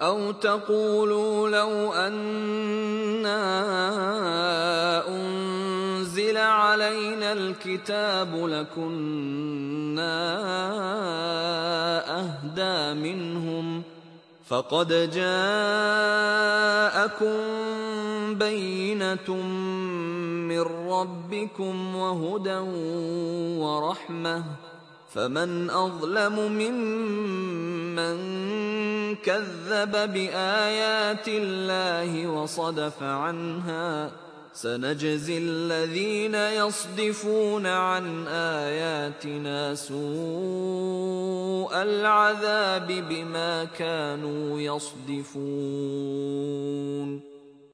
أو تقولوا لو أنا أنزل علينا الكتاب لكنا أهدى منهم فقد جاءكم بينة من ربكم وهدى ورحمة فمن أظلم ممن كذب بآيات الله وصدف عنها سنجزي الذين يصدفون عن آياتنا سوء العذاب بما كانوا يصدفون